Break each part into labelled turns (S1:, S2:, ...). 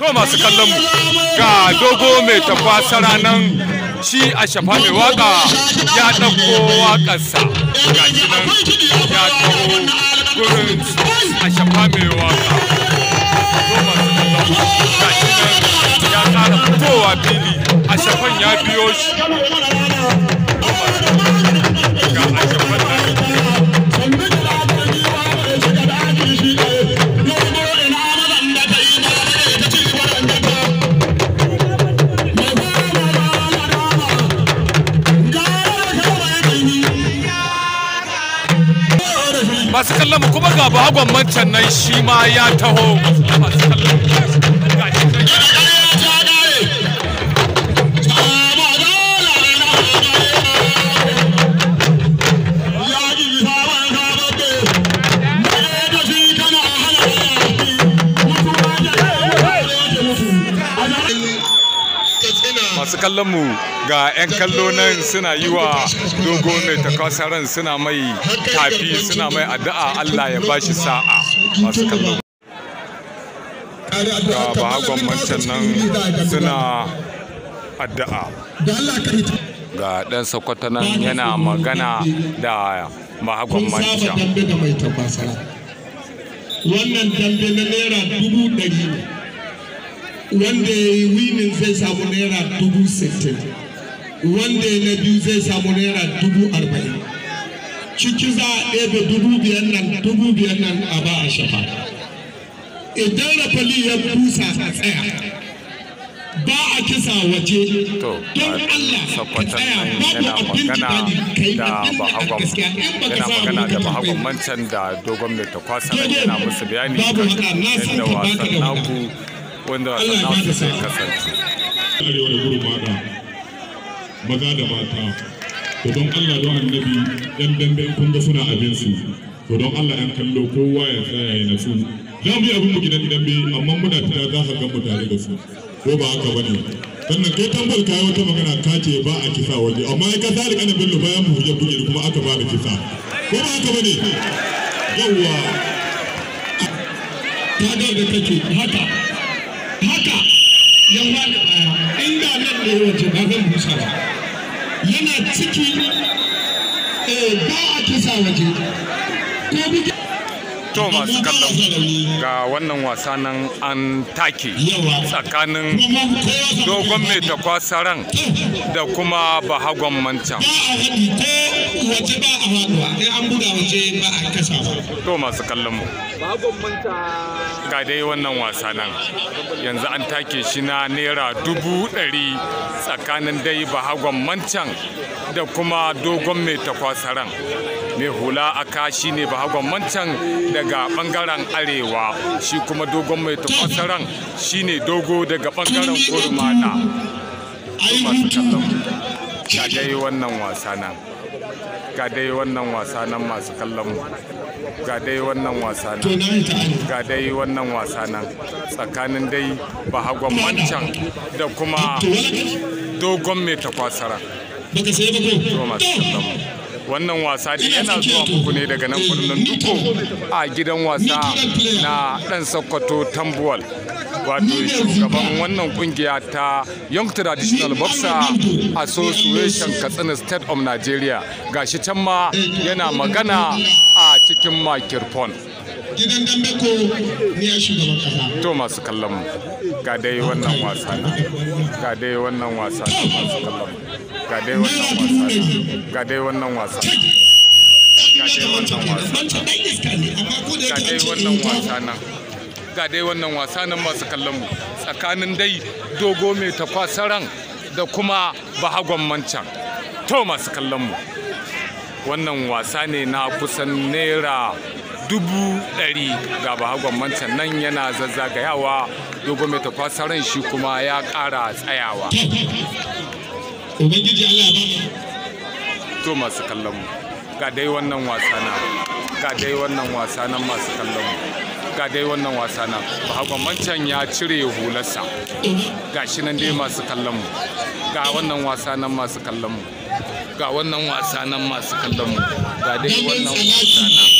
S1: To masu kallon mu ga dogo mai tafasa ranar shi a shafa mai waka ya ɗauko waƙarsa ga shi nan ya taho gurin a shafa mai waka. To masu kallon mu ga shi nan ya ƙara fitowa fili a shafan ya biyo shi. to masu. masu kallon mu kuma ga bagon mancan nan shi ma ya taho masu kallon masu kallon mu ga 'yan kallo nan suna yi wa dogo mai takasaran suna mai tafi suna mai addu'a Allah ya bashi sa'a masu kallo ga bahagon mancan nan suna addu'a ga ɗan sakwata nan yana magana da bahagon mancan wannan dambe na naira dubu ɗari wanda ya yi winin zai samu naira dubu sittin wanda na biyu zai samu naira dubu arba'in ciki za a ɗebe dubu biyan nan dubu biyan nan a ba a shafa idan rafali ya busa a tsaya ba a kisa waje don Allah ka tsaya babu abin jidali ka yi abin da gaskiya in ba ka samu magana da bahagwan mancan da dogon mai takwasa yana musu bayani babu haka na san ka ba ka da wanda wasan naku sai kasance. maza da mata to don Allah don annabi dan dambe kun ga suna abin su to don Allah an kallo kowa ya tsaya ya nasu za mu yi abin mu gidan dambe amma muna fita za ka gan tare da su ko ba haka bane sannan kai tambar kai wata magana ka ce ba a kisa waje amma ya kasa da kanan bello bayan mu huje buge kuma aka ba da kisa ko ba haka bane yawa ta ga da kake haka haka yan wani baya inda nan ne waje ba zan busa ba yana ciki eh, ba a kisa waje ko to masu kallon ga wannan wasa nan an take tsakanin dogon mai takwasaran da kuma bahagon manta to masu kallon mu ga dai wannan wasa nan yanzu an take shi na naira dubu ɗari tsakanin dai bahagon mancan da kuma dogon mai takwasaran ne hula aka shi ne bahagon mancan daga bangaren arewa shi kuma dogon mai tafasaran shi ne dogo daga bangaren gurmana masu kallon ga dai wannan wasa nan ga dai wannan wasa nan masu kallon mu ga dai wannan wasa nan ga dai wannan wasa nan tsakanin dai bahagon mancan da kuma dogon mai takwasaran Baka sai ba ko? Masu kallon mu. wannan wasa da yana zuwa muku ne daga nan birnin duko a gidan wasa na dan sokoto tambuwal wato shugaban wannan kungiya ta young traditional boxer association katsina state of nigeria shi can ma yana magana a cikin makirfon gidan dambe ko ne shugaban kasa to masu kallon mu ga dai wannan wasa na ga dai wannan wasa na masu kallon ga dai wannan wasa na ga dai wannan wasa ga dai wannan wasa ga dai wannan wasa na ga dai wannan wasa nan masu kallon mu tsakanin dai dogo mai takwasaran da kuma bahagon mancan to masu kallon mu wannan wasa ne na kusan naira dubu ɗari ga bahagon mancan nan yana zazzagayawa dogon mai tafasa ran shi kuma ya ƙara tsayawa to masu kallon mu ga dai wannan wasa na ga dai wannan wasa na masu kallon mu ga dai wannan wasa nan mancan ya cire hularsa eh. ga shi nan dai masu kallon mu ga wannan wasa na masu kallon mu ga wannan wasa na masu kallon mu ga dai wannan wasa na.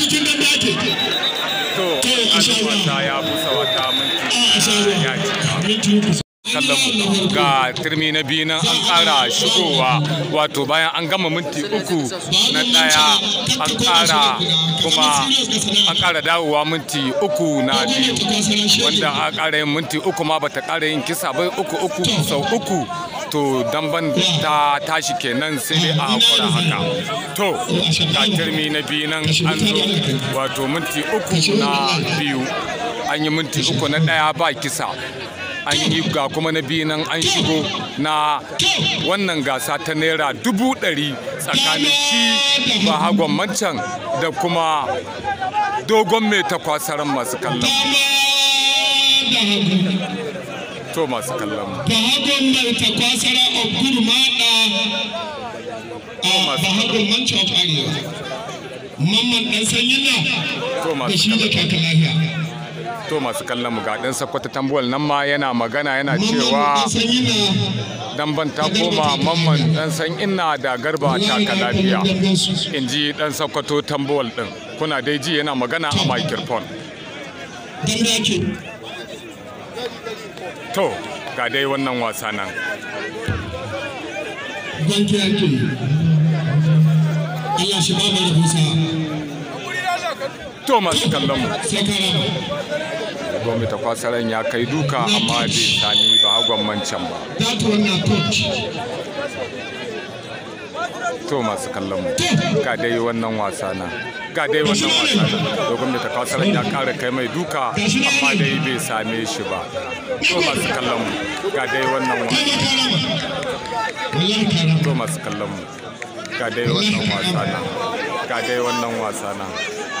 S1: cikin dambe ake to insha Allah ya busa wata minti ah, ya ci ga turmi na biyu nan an kara shigowa wato bayan an gama minti uku na ɗaya an kara kuma an kara dawowa minti uku na biyu wanda an ƙara yin minti uku ma bata ƙara yin kisa bai uku uku sau uku to damban ta tashi kenan sai dai a hakura haka to ga turmi na biyu nan an zo wato minti uku na biyu an yi minti uku na ɗaya ba kisa an yi ga kuma na biyu nan an shigo na wannan gasa ta naira dubu ɗari tsakanin shi ba hagon mancan da kuma dogon mai takwasarar masu kallon to masu kallon mu ba hagon da ta kwasara a gudu da a ba hagon manci of arewa mamman ɗan sanyi na da shi da kakalahiya to masu kallon mu ga ɗan sakwata tambuwal nan ma yana magana yana cewa dan ban ta koma mamman dan san ina da garba ta kalabiya in ji dan sakwato tambuwal din kuna dai ji yana magana a microphone to ga dai wannan wasa nan to masu kallon mu gwamnati kwasaran ya kai duka amma bai sami ba gwamnatin ba to masu kallon mu ga dai wannan wasa na ga dai wannan wasa na da gwamnati salon ya kare kai mai duka amma dai bai same shi ba to masu kallon mu ga dai wannan wasa to masu kallon mu ga dai wannan wasa na ga dai wannan wasa na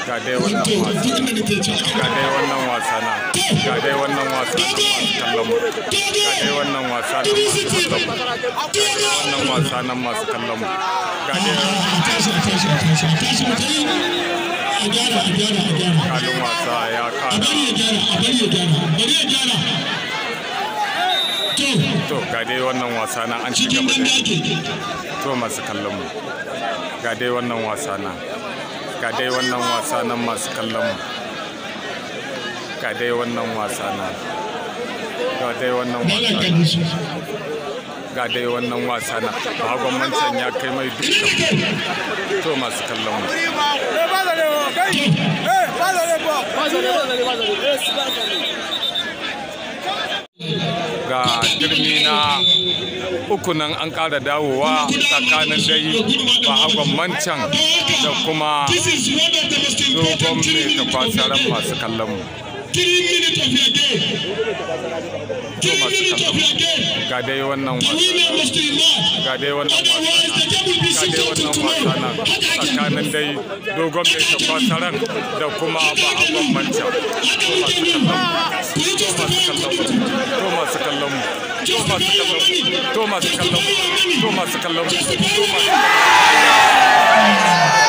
S1: ga dai wannan wasa ga dai wannan wasa na ga dai wannan wasa na masu kallon mu ga dai wannan wasa na kallon ga ya to dai wannan wasa na an to masu kallon mu wannan wasa wannan wasa masu kallon mu wannan wasa wannan wasa ga dai wannan wasa na hagon mancan ya kai mai dukkan to masu kallon mu ga girmi na uku nan an ƙara dawowa tsakanin dai bahagon mancan da kuma dogon mai da kwasaran masu kallon mu three minutes of your day three minutes of your dai wannan wasa ga dai wannan wasa ga dai wannan wasa na tsakanin dai da kuma ba abin manca to to masu kallon to